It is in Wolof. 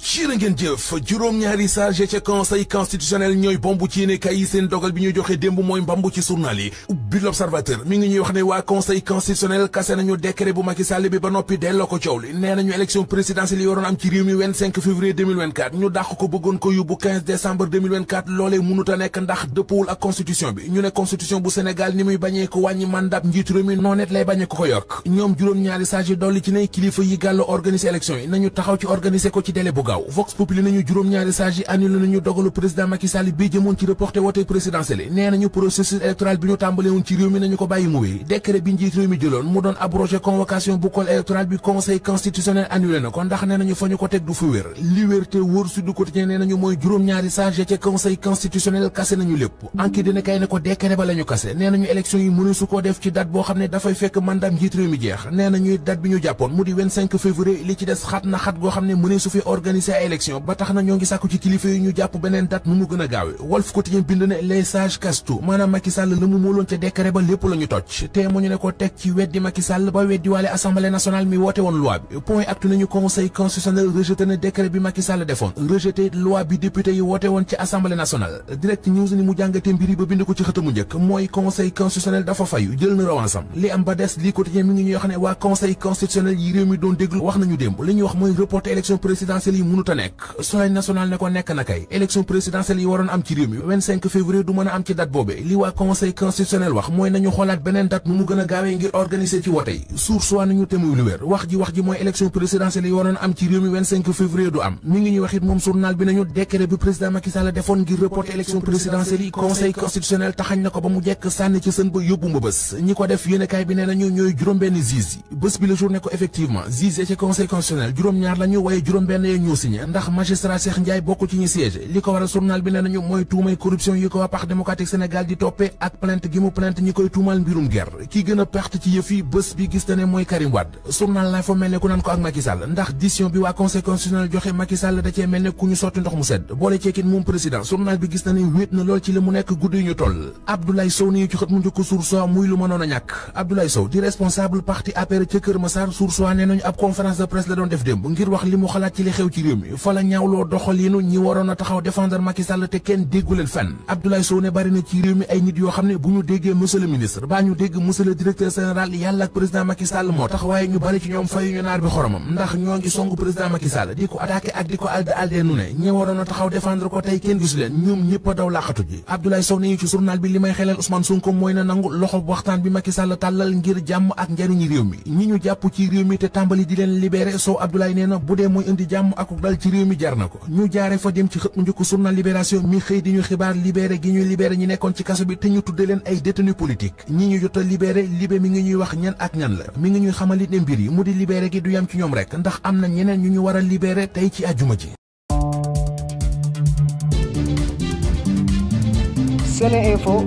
jërë ngeen jëf juróom-ñaari sage ca conseil constitutionnel ñooy bomb ci yéene kay yi seen dogal bi ñu joxe démb mooy mbambu ci journal yi bi l'observateur mi ngi ñuy wax ne waa conseil constitutionnel kase nañu décret bu Macky bi ba noppi delloo ko coow li nee nañu élection présidentielle yi waroon am ci réew mi 25 février 2024 ñu dàq ko bëggoon ko yóbbu 15 décembre loolee mënut a nekk ndax dëppawul ak constitution bi ñu ne constitution bu Sénégal ni muy sage kilifa yi gàllo organiser élection yi nañu taxaw ci bu Vox Populi nañu juróom-ñaari sages yi nañu dogalu président Macky Sall bi jëmoon ci reporté wote présidentiel nee nañu processus électoral bi ñu tàmbale ci réew mi nañu ko bàyyi mu wéy décret bi njiit réew mi jëloon mu doon abrogé convocation bu col bi conseil constitutionnel annulé na ko ndax nee nañu fa ñu ko teg du fu wér liberté wóor Sud Quotidien nee nañu mooy juróom-ñaari sages ya ca conseil kase nañu organiser ay ba tax na ñoo ngi sàkku ci kilifa yi ñu jàpp beneen date nu mu gën a gaawe Walf Quotidien bind na les sages kastu maanaam Macky Sall la mu móoloon ca décret ba lépp la toj te ñu ne ko teg ci weddi Macky Sall ba weddi waale assemblée mi woote woon loi bi point actu nañu conseil constitutionnel rejeté na décret bi Macky Sall defoon rejeté loi bi député yi woote woon ci assemblée nationale direct news ni mu jàngate mbiri présidentielle a nekk Soleil national ne ko nekk na kay élection présidentielle yi waroon am ci réew mi février du mën a am ci date boobee li waa conseil constitutionnel wax mooy nañu xoolaat beneen date nu mu gën gaawee ngir organiser ci wote yi source waa nañu te muy lu wax ji wax ji mooy élection présidentielle yi waroon am ci réew mi février du am mi ngi ñuy wax moom journal bi nañu décret bi président Macky Sall defoon ngir reporter élection présidentielle ndax magistrat Cheikh Ndiaye bokk ci ñi siège li ko waral journal bi nee nañu mooy tuumay corruption yi ko waa Parti démocratique Sénégal di toppee ak plainte gi mu plainte ñi koy tuumal mbirum guerre ki gën a ci yëf bés bi gis na ne mooy Karim Wade journal laay fa mel ne ku naan ko ak Macky ndax décision bi waa conseil joxe Macky Sall da mel ne ku ñu sotti ndox mu sedd boole ceekin moom président journal bi gis na ne wéet na lool ci xew ci réew mi fa la ñaawloo doxalinu ñi waroon a taxaw défendre Macky te kenn dégguleen fenn Abdoulaye Sow ne bari na ci réew mi ay nit yoo xam ne bu ñu déggee monsieur ministre baa ñu dégg monsieur le directeur yàlla ak président Macky moo tax waaye ñu bari ci ñoom fayu naar bi xoromam ndax ñoo ngi songu président Macky di ko attaqué ak di ko alde alde nu ne ñi waroon a taxaw défendre ko tey kenn gisu ñoom ñëpp a daw laqatu ji Abdoulaye Sow akuk dal ci réew mi jar na ko ñu jaare fa dem ci xët mu njëkk journal libération mi xëy di ñu xibaar libéré gi ñuy libéré ñi nekkoon ci kaso bi te ñu tudde leen ay détenu politique ñi ñu jot a libéré mi ngi ñuy wax ñan ak ñan la mi ngi ñuy xamalit ne mbir yi mu di libéré gi du yam ci ñoom rek ndax am na ñeneen ñu ñu war a libéré tey ci ajuma ji Seneinfo